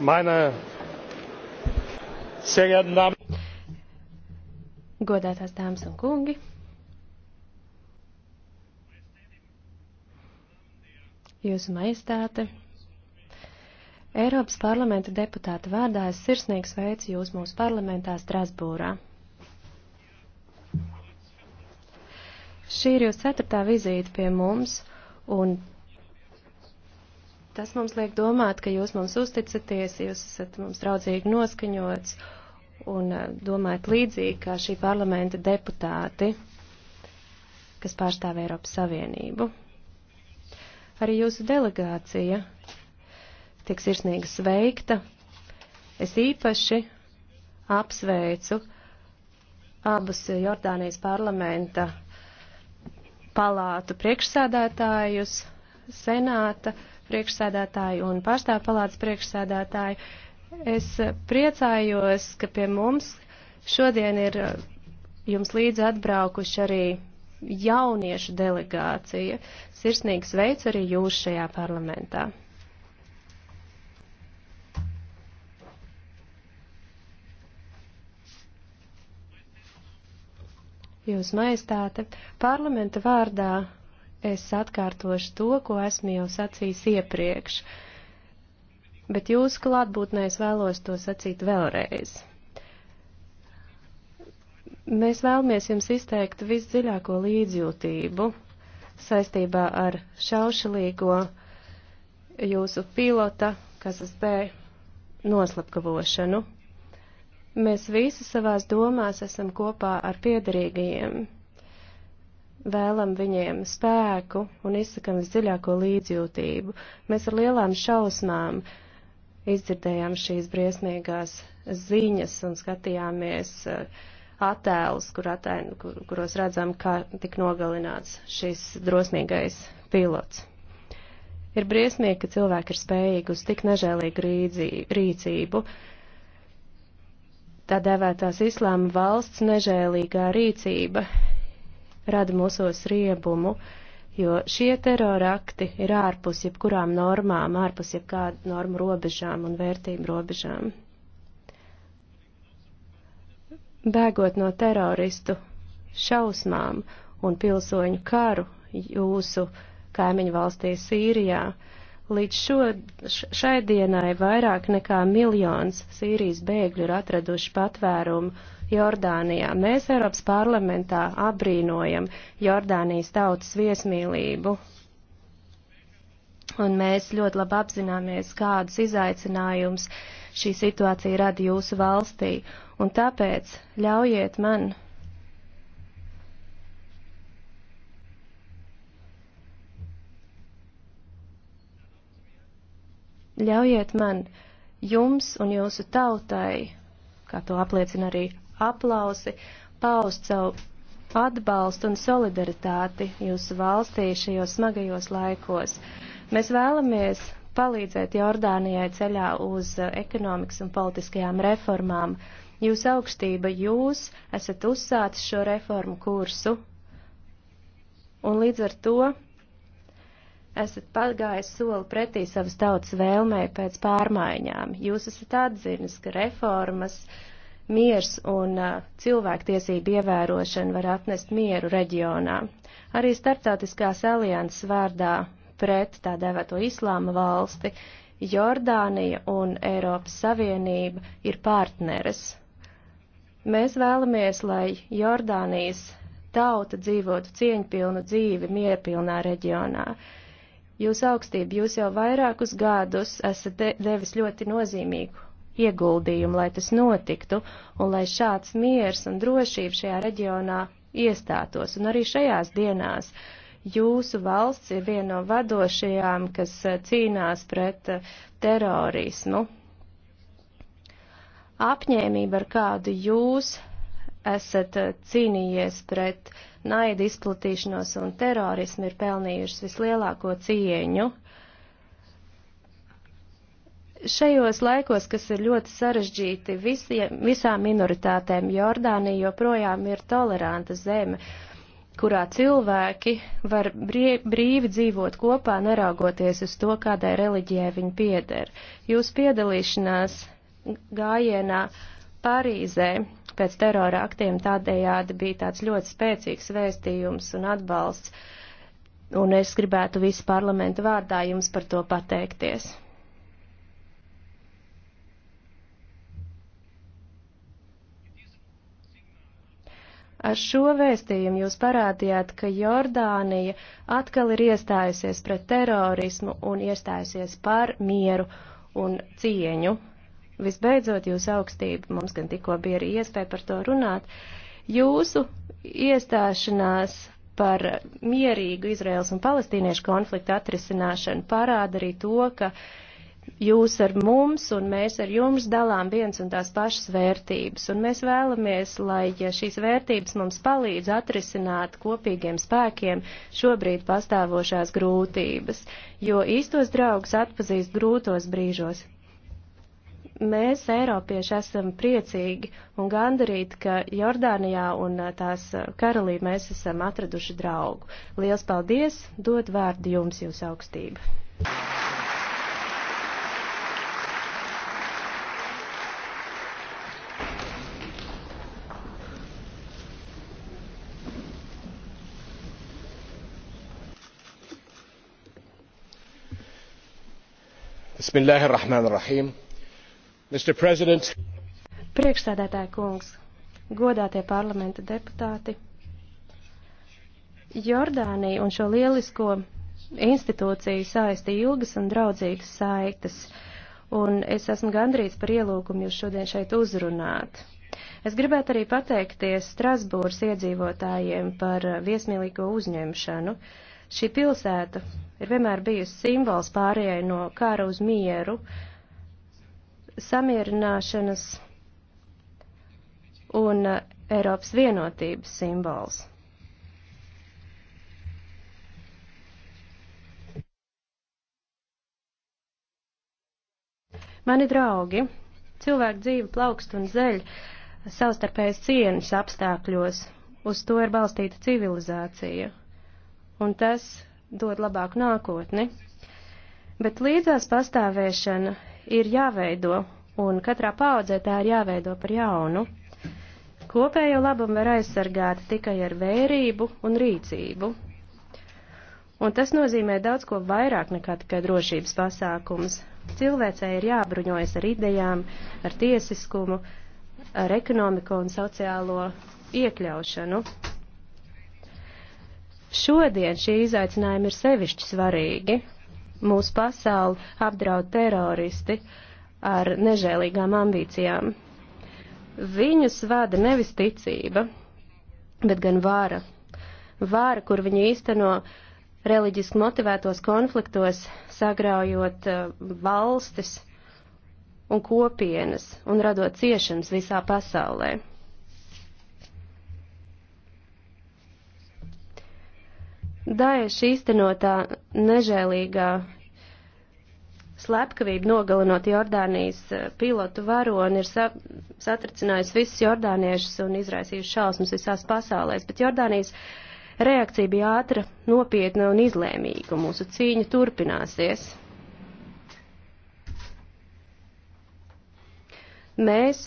meine sehr geehrten Damen Godātās dāmas un kungi, Jūsu majestāte, Eiropas parlamenta deputāta vārdā es sirsnīgi sveicu jūs mūsu parlamentā Strasbūrā. Šī ir jūsu ceturtā vizīte pie mums, un Tas mums liek domāt, ka jūs mums uzticaties, jūs esat mums draudzīgi noskaņots un eh, domājat līdzīgi kā šī parlamenta deputāti, kas pārstāv Eiropas Savienību. Arī jūsu delegācija tiek sirsnīgi sveikta. Es īpaši apsveicu abus Jordānijas parlamenta palātu priekšsādātājus, senāta priekšsēdētāji un pārstāvu palātas priekšsēdētāji. Es priecājos, ka pie mums šodien ir eh, jums līdzi atbraukuši arī jauniešu delegācija. Sirsnīgi sveicu arī jūs šajā parlamentā. Jūs maistāte parlamenta vārdā es atkārtošu to, ko esmu jau sacījis iepriekš, bet jūsu klātbūtnē es vēlos to sacīt vēlreiz. Mēs vēlamies jums izteikt visdziļāko līdzjūtību saistībā ar šaušalīgo jūsu pilota, kas es bēju, noslapkavošanu. Mēs visi savās domās esam kopā ar piederīgajiem vēlam viņiem spēku un izsakam visdziļāko līdzjūtību. Mēs ar lielām šausmām izdzirdējām šīs briesmīgās ziņas un skatījāmies uh, attēlus, kur attēl, kur, kuros redzam, kā tik nogalināts šis drosmīgais pilots. Ir briesmīgi, ka cilvēki ir spējīgi uz tik nežēlīgu rīcību. Tā dēvētās islāma valsts nežēlīgā rīcība rada mūsos riebumu, jo šie terorakti ir ārpus jebkurām normām, ārpus jebkādu normu robežām un vērtību robežām. Bēgot no teroristu šausmām un pilsoņu karu jūsu kaimiņu valstī Sīrijā, Līdz šo, šai dienai vairāk nekā miljons Sīrijas bēgļu ir atraduši patvērumu Jordānijā. Mēs Eiropas parlamentā abrīnojam Jordānijas tautas viesmīlību. Un mēs ļoti labi apzināmies, kādus izaicinājumus šī situācija rada jūsu valstī. Un tāpēc ļaujiet man ļaujiet man jums un jūsu tautai, kā to apliecina arī aplausi paust savu atbalstu un solidaritāti jūsu valstī šajos smagajos laikos. Mēs vēlamies palīdzēt Jordānijai ceļā uz eh, ekonomikas un politiskajām reformām. Jūs augstība, jūs esat uzsācis šo reformu kursu, un līdz ar to esat pagājis soli pretī savas tautas vēlmē pēc pārmaiņām. Jūs esat atzinis, ka reformas uh, miers un cilvēktiesību ievērošana var atnest mieru reģionā. Arī starptautiskās alianses vārdā pret tā devēto islāma valsti Jordānija un Eiropas Savienība ir partneres. Mēs vēlamies, lai Jordānijas tauta dzīvotu cieņpilnu dzīvi mierpilnā reģionā. Jūs augstība, jūs jau vairākus gadus esat de devis ļoti nozīmīgu ieguldījumu, lai tas notiktu un lai šāds miers un drošība šajā reģionā iestātos. Un arī šajās dienās jūsu valsts ir viena no vadošajām, kas eh, cīnās pret eh, terorismu. Apņēmība, ar kādu jūs esat eh, cīnījies pret naida izplatīšanos un terorismu, ir pelnījušas vislielāko cieņu Šajos laikos, kas ir ļoti sarežģīti visiem, visām minoritātēm, Jordānija joprojām ir toleranta zeme, kurā cilvēki var brīvi dzīvot kopā, neraugoties uz to, kādai reliģijai viņi pieder. Jūs piedalīšanās gājienā Parīzē pēc terora aktiem tādējādi bija tāds ļoti spēcīgs vēstījums un atbalsts, un es gribētu visu parlamentu vārdā jums par to pateikties. Ar šo vēstījumu jūs parādījāt, ka Jordānija atkal ir iestājusies pret terorismu un iestājusies par mieru un cieņu. Visbeidzot, jūs augstība, mums gan tikko bija arī iespēja par to runāt, jūsu iestāšanās par mierīgu Izraels un palestīniešu konfliktu atrisināšanu parāda arī to, ka uh, jūs ar mums un mēs ar jums dalām viens un tās pašas vērtības, un mēs vēlamies, lai ja šīs vērtības mums palīdz atrisināt kopīgiem spēkiem šobrīd pastāvošās grūtības, jo īstos draugus atpazīst grūtos brīžos. Mēs, Eiropieši, esam priecīgi un gandarīti, ka Jordānijā un tās karalī mēs esam atraduši draugu. Liels paldies, dod vārdu jums, jūs augstība! Thank you. Bismillahir Rahmanir Rahim. Mr. President. Priekšsēdētāja kungs, godātie parlamenta deputāti, Jordānija un šo lielisko institūciju saisti ilgas un draudzīgas saites, un es esmu gandrīz par ielūgumu jūs šodien šeit uzrunāt. Es gribētu arī pateikties Strasbūras iedzīvotājiem par viesmīlīgo uzņemšanu. Uh, Šī pilsēta ir vienmēr bijusi simbols pārējai no kara uz mieru, samierināšanas un uh, Eiropas vienotības simbols. Mani draugi, cilvēku dzīve plaukst un zeļ savstarpējas cieņas apstākļos, uz to ir balstīta civilizācija, un tas dod labāku nākotni. Bet līdzās pastāvēšana ir jāveido, un katrā paudzē tā ir jāveido par jaunu. Kopējo labumu var aizsargāt tikai ar vērību un rīcību, un tas nozīmē daudz ko vairāk nekā tikai drošības pasākums. Cilvēcei ir jābruņojas ar idejām, ar tiesiskumu, ar ekonomiku un sociālo iekļaušanu. Šodien šie izaicinājumi ir sevišķi svarīgi. Mūsu pasauli apdraud teroristi ar nežēlīgām ambīcijām. Viņus vada nevis ticība, bet gan vara. Vara, kur viņi īsteno reliģiski motivētos konfliktos, sagraujot eh, valstis un kopienas un radot ciešanas visā pasaulē. Daieša īstenotā nežēlīgā slepkavība nogalinot Jordānijas eh, pilotu varoni ir sa satricinājusi visus jordāniešus un izraisījusi šausmas visās pasaulēs, bet Jordānijas reakcija bija ātra, nopietna un izlēmīga, un mūsu cīņa turpināsies. Mēs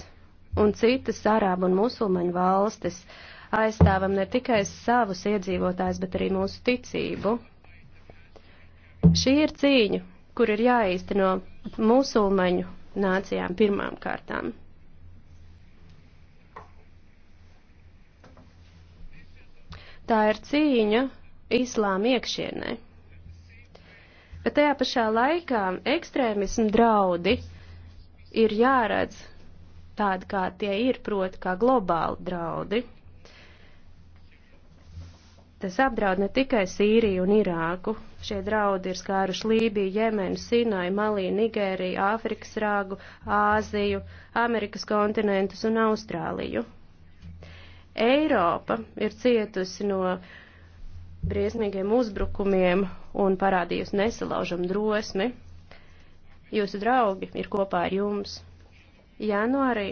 un citas arābu un musulmaņu valstis uh, aizstāvam ne tikai savus iedzīvotājus, bet arī mūsu ticību. Šī ir cīņa, kur ir jāīsteno musulmaņu nācijām pirmām kārtām. Tā ir cīņa islāma iekšienē. Bet tajā pašā laikā ekstrēmismu draudi ir jāredz tādi, kā tie ir, proti, kā globāli draudi. Tas apdraud ne tikai Sīriju un Irāku. Šie draudi ir skāruši Lībiju, Jemenu, Sinai, Malī, Nigēriju, Āfrikas rāgu, Āziju, Amerikas kontinentus un Austrāliju. Eiropa ir cietusi no briesmīgiem uzbrukumiem un parādījusi nesalaužam drosmi. Jūsu draugi ir kopā ar jums. Janvārī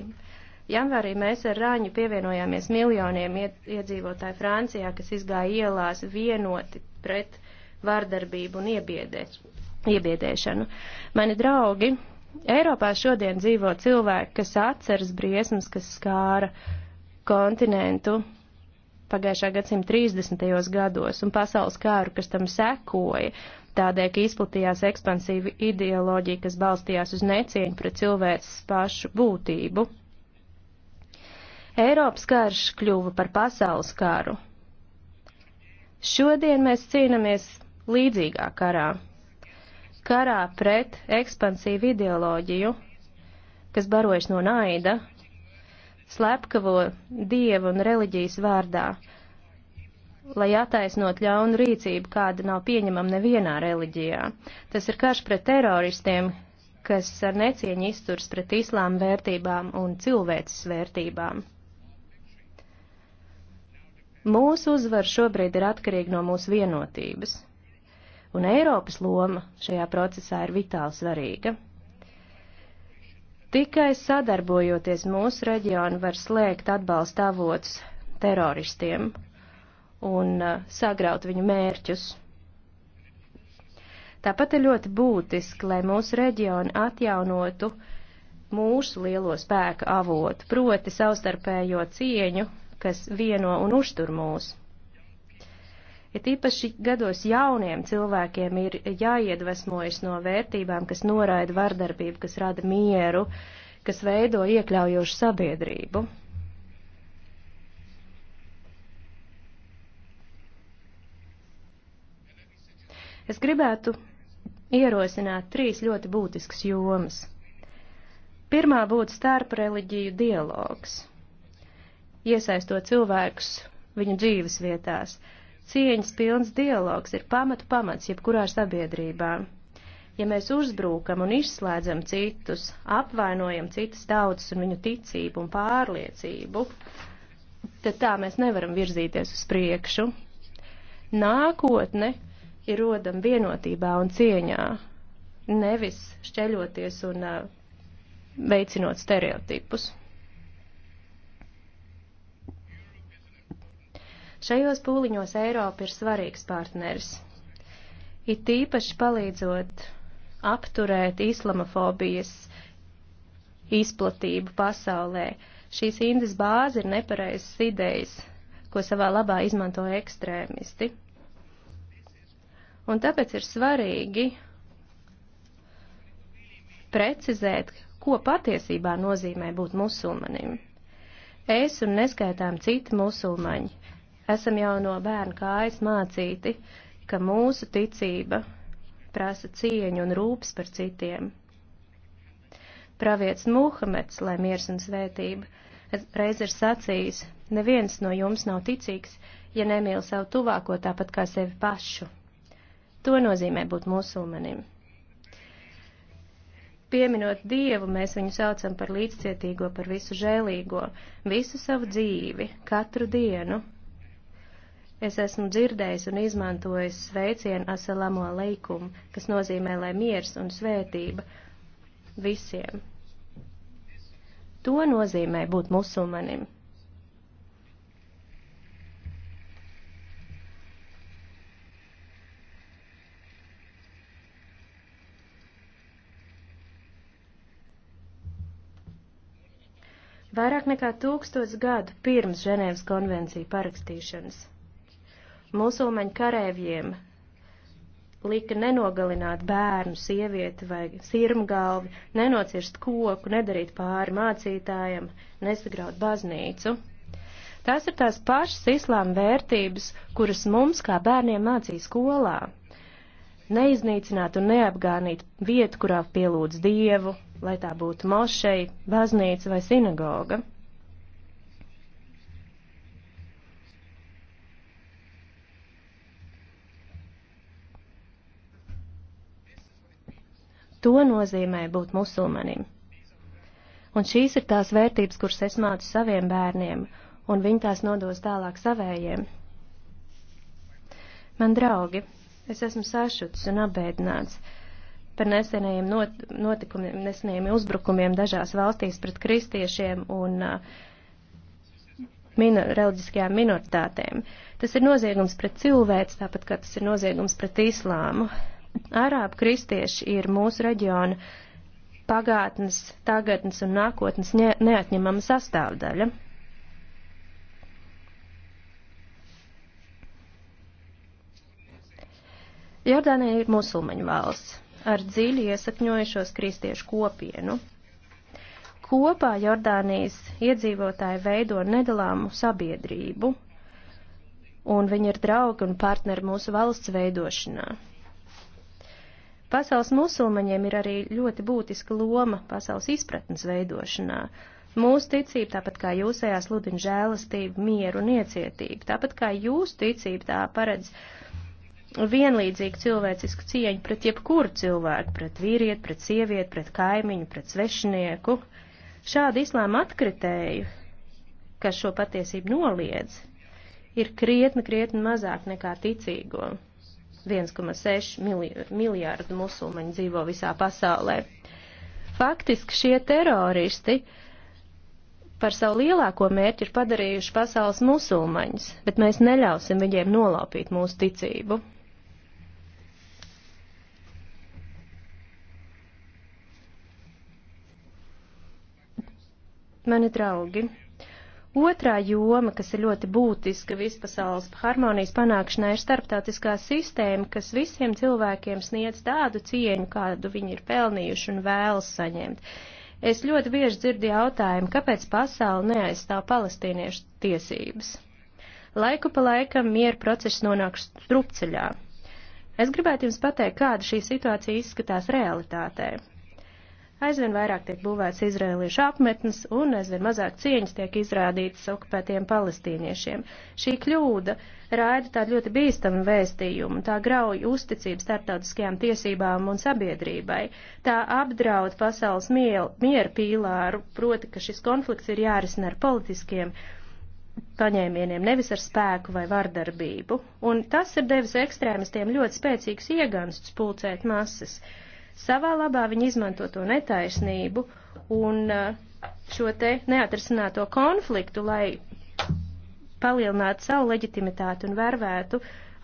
Janvārī mēs ar Rāņu pievienojāmies miljoniem iedzīvotāju Francijā, kas izgāja ielās vienoti pret vardarbību un iebiedē, iebiedēšanu. Mani draugi, Eiropā šodien dzīvo cilvēki, kas atceras briesmas, kas skāra kontinentu pagājušā gadsimta 30. gados un pasaules kāru, kas tam sekoja, tādēļ, ka izplatījās ekspansīva ideoloģija, kas balstījās uz necieņu pret cilvēces pašu būtību. Eiropas karš kļuva par pasaules karu. Šodien mēs cīnāmies līdzīgā karā. Karā pret ekspansīvu ideoloģiju, kas barojas no naida, slepkavo dievu un reliģijas vārdā, lai attaisnot ļaunu rīcību, kāda nav pieņemama nevienā reliģijā. Tas ir karš pret teroristiem, kas ar necieņu izturs pret islām vērtībām un cilvēces vērtībām. Mūsu uzvara šobrīd ir atkarīga no mūsu vienotības, un Eiropas loma šajā procesā ir vitāli svarīga. Tikai sadarbojoties mūsu reģionu var slēgt atbalsta avots teroristiem un uh, sagraut viņu mērķus. Tāpat ir ļoti būtiski, lai mūsu reģioni atjaunotu mūsu lielo spēku avotu, proti savstarpējo cieņu kas vieno un uztur mūs. Ir ja īpaši gados jauniem cilvēkiem ir jāiedvesmojas no vērtībām, kas noraida vardarbību, kas rada mieru, kas veido iekļaujošu sabiedrību. Es gribētu ierosināt trīs ļoti būtiskas jomas. Pirmā būtu starp reliģiju dialogs iesaistot cilvēkus viņu dzīves vietās. Cieņas pilns dialogs ir pamatu pamats jebkurā sabiedrībā. Ja mēs uzbrūkam un izslēdzam citus, apvainojam citas tautas un viņu ticību un pārliecību, tad tā mēs nevaram virzīties uz priekšu. Nākotne ir rodam vienotībā un cieņā, nevis šķeļoties un uh, veicinot stereotipus. Šajos pūliņos Eiropa ir svarīgs partneris. It īpaši palīdzot apturēt islamofobijas izplatību pasaulē. Šīs indas bāze ir nepareizas idejas, ko savā labā izmanto ekstrēmisti. Un tāpēc ir svarīgi precizēt, ko patiesībā nozīmē būt musulmanim. Es un neskaitām citi musulmaņi Esam jau no bērna kājas mācīti, ka mūsu ticība prasa cieņu un rūps par citiem. Pravietis Muhameds, lai miers un svētība, reiz ir sacījis, neviens no jums nav ticīgs, ja nemīl savu tuvāko tāpat kā sevi pašu. To nozīmē būt musulmanim. Pieminot Dievu, mēs viņu saucam par līdzcietīgo, par visu žēlīgo, visu savu dzīvi, katru dienu, Es esmu dzirdējis un izmantojis sveicienu asalamo leikumu, kas nozīmē, lai miers un svētība visiem. To nozīmē būt musulmanim. Vairāk nekā tūkstots gadu pirms Ženēvas konvenciju parakstīšanas musulmaņu karēvjiem lika nenogalināt bērnu, sievieti vai sirmgalvi, nenocirst koku, nedarīt pāri mācītājam, nesagraut baznīcu. Tās ir tās pašas islāma vērtības, kuras mums kā bērniem mācīja skolā. Neiznīcināt un neapgānīt vietu, kurā pielūdz dievu, lai tā būtu mošeja, baznīca vai sinagoga. To nozīmē būt musulmanim. Un šīs ir tās vērtības, kuras es mācu saviem bērniem, un viņi tās nodos tālāk savējiem. Man draugi, es esmu sašuts un apbēdināts par nesenajiem not notikumiem, nesenajiem uzbrukumiem dažās valstīs pret kristiešiem un uh, minor, reliģiskajām minoritātēm. Tas ir noziegums pret cilvēci, tāpat kā tas ir noziegums pret islāmu. Arābu kristieši ir mūsu reģiona pagātnes, tagadnes un nākotnes neatņemama sastāvdaļa. Jordānija ir musulmaņu valsts ar dziļi iesakņojušos kristiešu kopienu. Kopā Jordānijas iedzīvotāji veido nedalāmu sabiedrību, un viņi ir draugi un partneri mūsu valsts veidošanā. Pasaules musulmaņiem ir arī ļoti būtiska loma pasaules izpratnes veidošanā. Mūsu ticība, tāpat kā jūsējā, sludina žēlastību, mieru un iecietību. Tāpat kā jūsu ticība, tā paredz vienlīdzīgu cilvēcisku cieņu pret jebkuru cilvēku, pret vīrieti, pret sievieti, pret kaimiņu, pret svešinieku. Šādi islāma atkritēju, kas šo patiesību noliedz, ir krietni, krietni mazāk nekā ticīgo. 1,6 miljārdu musulmaņu dzīvo visā pasaulē. Faktiski šie teroristi par savu lielāko mērķi ir padarījuši pasaules musulmaņus, bet mēs neļausim viņiem nolaupīt mūsu ticību. Mani draugi, Otrā joma, kas ir ļoti būtiska vispasaules harmonijas panākšanai, ir starptautiskā sistēma, kas visiem cilvēkiem sniedz tādu cieņu, kādu viņi ir pelnījuši un vēlas saņemt. Es ļoti bieži dzirdu jautājumu, kāpēc pasauli neaizstāv palestīniešu tiesības. Laiku pa laikam mieru process nonāk strupceļā. Es gribētu jums pateikt, kāda šī situācija izskatās realitātē. Aizvien vairāk tiek būvēts izrēliešu apmetnes un aizvien mazāk cieņas tiek izrādītas okupētiem palestīniešiem. Šī kļūda raida tādu ļoti bīstamu vēstījumu, tā grauj uzticību starptautiskajām tiesībām un sabiedrībai, tā apdraud pasaules mieru pīlāru, proti, ka šis konflikts ir jārisina ar politiskiem paņēmieniem, nevis ar spēku vai vardarbību. Un tas ir devis ekstrēmistiem ļoti spēcīgs iegansts pulcēt masas. Savā labā viņi izmanto to netaisnību un eh, šo te neatrisināto konfliktu, lai palielinātu savu leģitimitāti un vervētu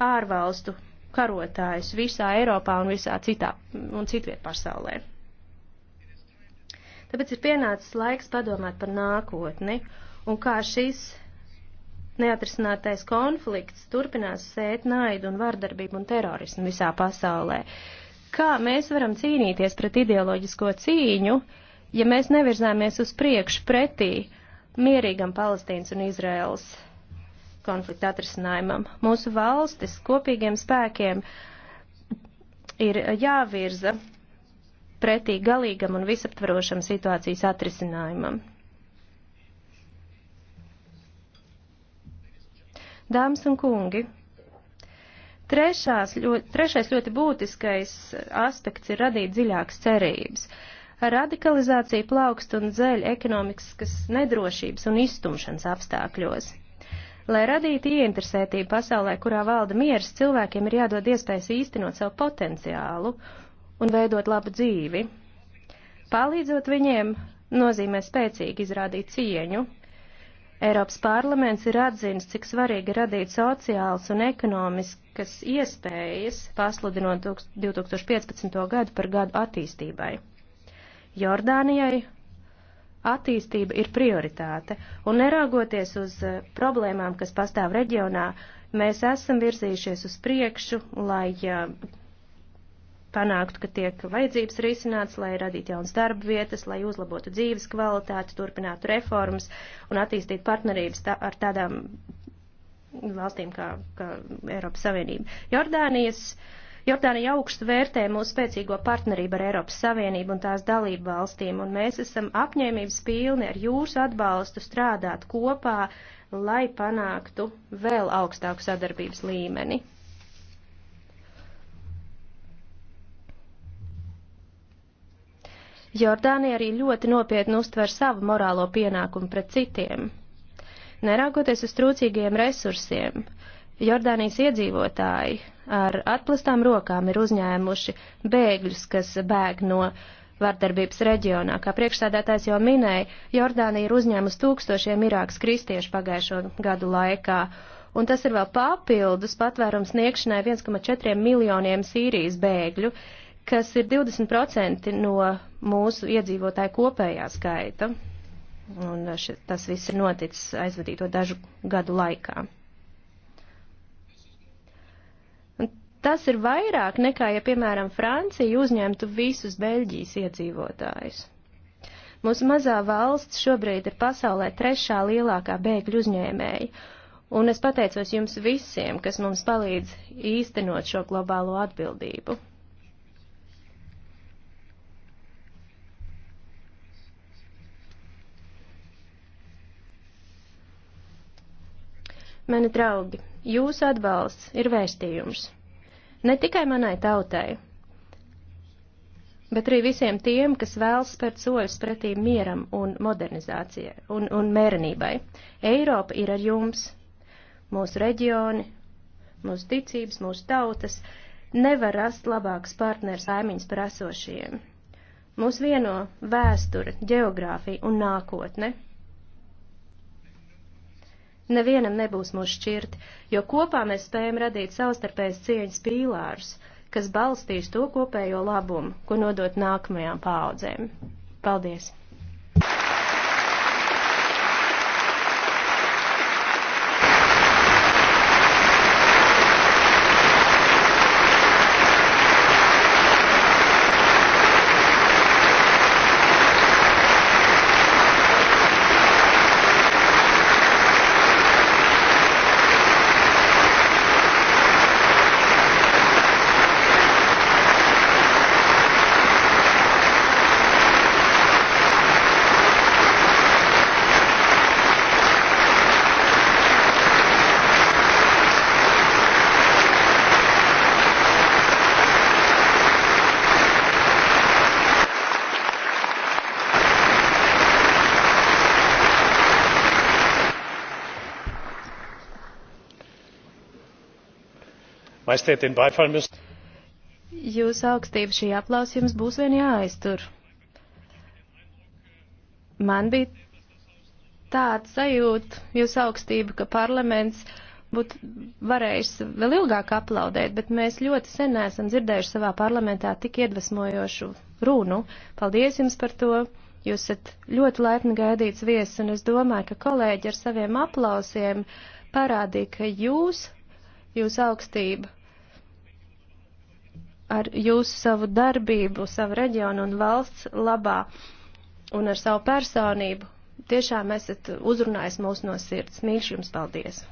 ārvalstu karotājus visā Eiropā un visā citā un citviet pasaulē. Tāpēc ir pienācis laiks padomāt par nākotni un kā šis neatrisinātais konflikts turpinās sēt naidu un vardarbību un terorismu visā pasaulē. Kā mēs varam cīnīties pret ideoloģisko cīņu, ja mēs nevirzāmies uz priekšu pretī mierīgam Palestīnas un Izraels konflikta atrisinājumam? Mūsu valstis kopīgiem spēkiem ir jāvirza pretī galīgam un visaptvarošam situācijas atrisinājumam. Dāmas un kungi, Trešās, ļoti, trešais ļoti būtiskais aspekts ir radīt dziļākas cerības. Radikalizācija plaukst un dzeļ ekonomikas nedrošības un iztumšanas apstākļos. Lai radītu ieinteresētību pasaulē, kurā valda miers, cilvēkiem ir jādod iespējas īstenot savu potenciālu un veidot labu dzīvi. Palīdzot viņiem, nozīmē spēcīgi izrādīt cieņu Eiropas parlaments ir atzinis, cik svarīgi radīt sociāls un ekonomiskas iespējas, pasludinot 2015. gadu par gadu attīstībai. Jordānijai attīstība ir prioritāte, un neraugoties uz eh, problēmām, kas pastāv reģionā, mēs esam virzījušies uz priekšu, lai eh, panāktu, ka tiek vajadzības risināts, lai radītu jaunas darba vietas, lai uzlabotu dzīves kvalitāti, turpinātu reformas un attīstītu partnerības tā, ar tādām valstīm kā, kā Eiropas Savienība. Jordānijas, Jordānija augstu vērtē mūsu spēcīgo partnerību ar Eiropas Savienību un tās dalību valstīm, un mēs esam apņēmības pilni ar jūsu atbalstu strādāt kopā, lai panāktu vēl augstāku sadarbības līmeni. Jordānija arī ļoti nopietni uztver savu morālo pienākumu pret citiem. Neraugoties uz trūcīgiem resursiem, Jordānijas iedzīvotāji ar atplastām rokām ir uzņēmuši bēgļus, kas bēg no vardarbības reģionā. Kā priekšstādātājs jau minēja, Jordānija ir uzņēmusi tūkstošiem Irākas kristiešu pagājušo gadu laikā, un tas ir vēl papildus patvērums sniegšanai 1,4 miljoniem Sīrijas bēgļu, kas ir 20% no mūsu iedzīvotāju kopējā skaita. Un še, tas viss ir noticis aizvadīto dažu gadu laikā. Un tas ir vairāk nekā, ja, piemēram, Francija uzņemtu visus Beļģijas iedzīvotājus. Mūsu mazā valsts šobrīd ir pasaulē trešā lielākā bēgļu uzņēmēja, un es pateicos jums visiem, kas mums palīdz īstenot šo globālo atbildību. Mani draugi, jūsu atbalsts ir vēstījums. Ne tikai manai tautai, bet arī visiem tiem, kas vēlas spērt soļus pretī mieram un modernizācijai un, un mērenībai. Eiropa ir ar jums, mūsu reģioni, mūsu ticības, mūsu tautas, nevar rast labāks partners aimiņas par esošajiem. Mūs vieno vēsture, geogrāfija un nākotne. Nevienam nebūs mūs šķirt, jo kopā mēs spējam radīt savstarpējas cieņas pīlārus, kas balstīs to kopējo labumu, ko nodot nākamajām paaudzēm. Paldies! majestēt, den beifall müsst. Jūs augstība šī aplaus jums būs vien jāaiztur. Man bija tāds sajūta, jūs augstība, ka parlaments būtu varējis vēl ilgāk aplaudēt, bet mēs ļoti sen neesam dzirdējuši savā parlamentā tik iedvesmojošu runu. Paldies jums par to! Jūs esat ļoti laipni gaidīts viesis, un es domāju, ka kolēģi ar saviem aplausiem parādīja, ka jūs, jūs augstība, ar jūsu savu darbību, savu reģionu un valsts labā un ar savu personību. Tiešām esat uzrunājis mūs no sirds. Mīļš jums paldies!